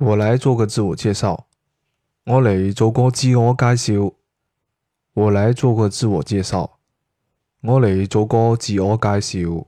我嚟做個自我介紹。我嚟做個自我介紹。我嚟做個自我介紹。我嚟做個自我介紹。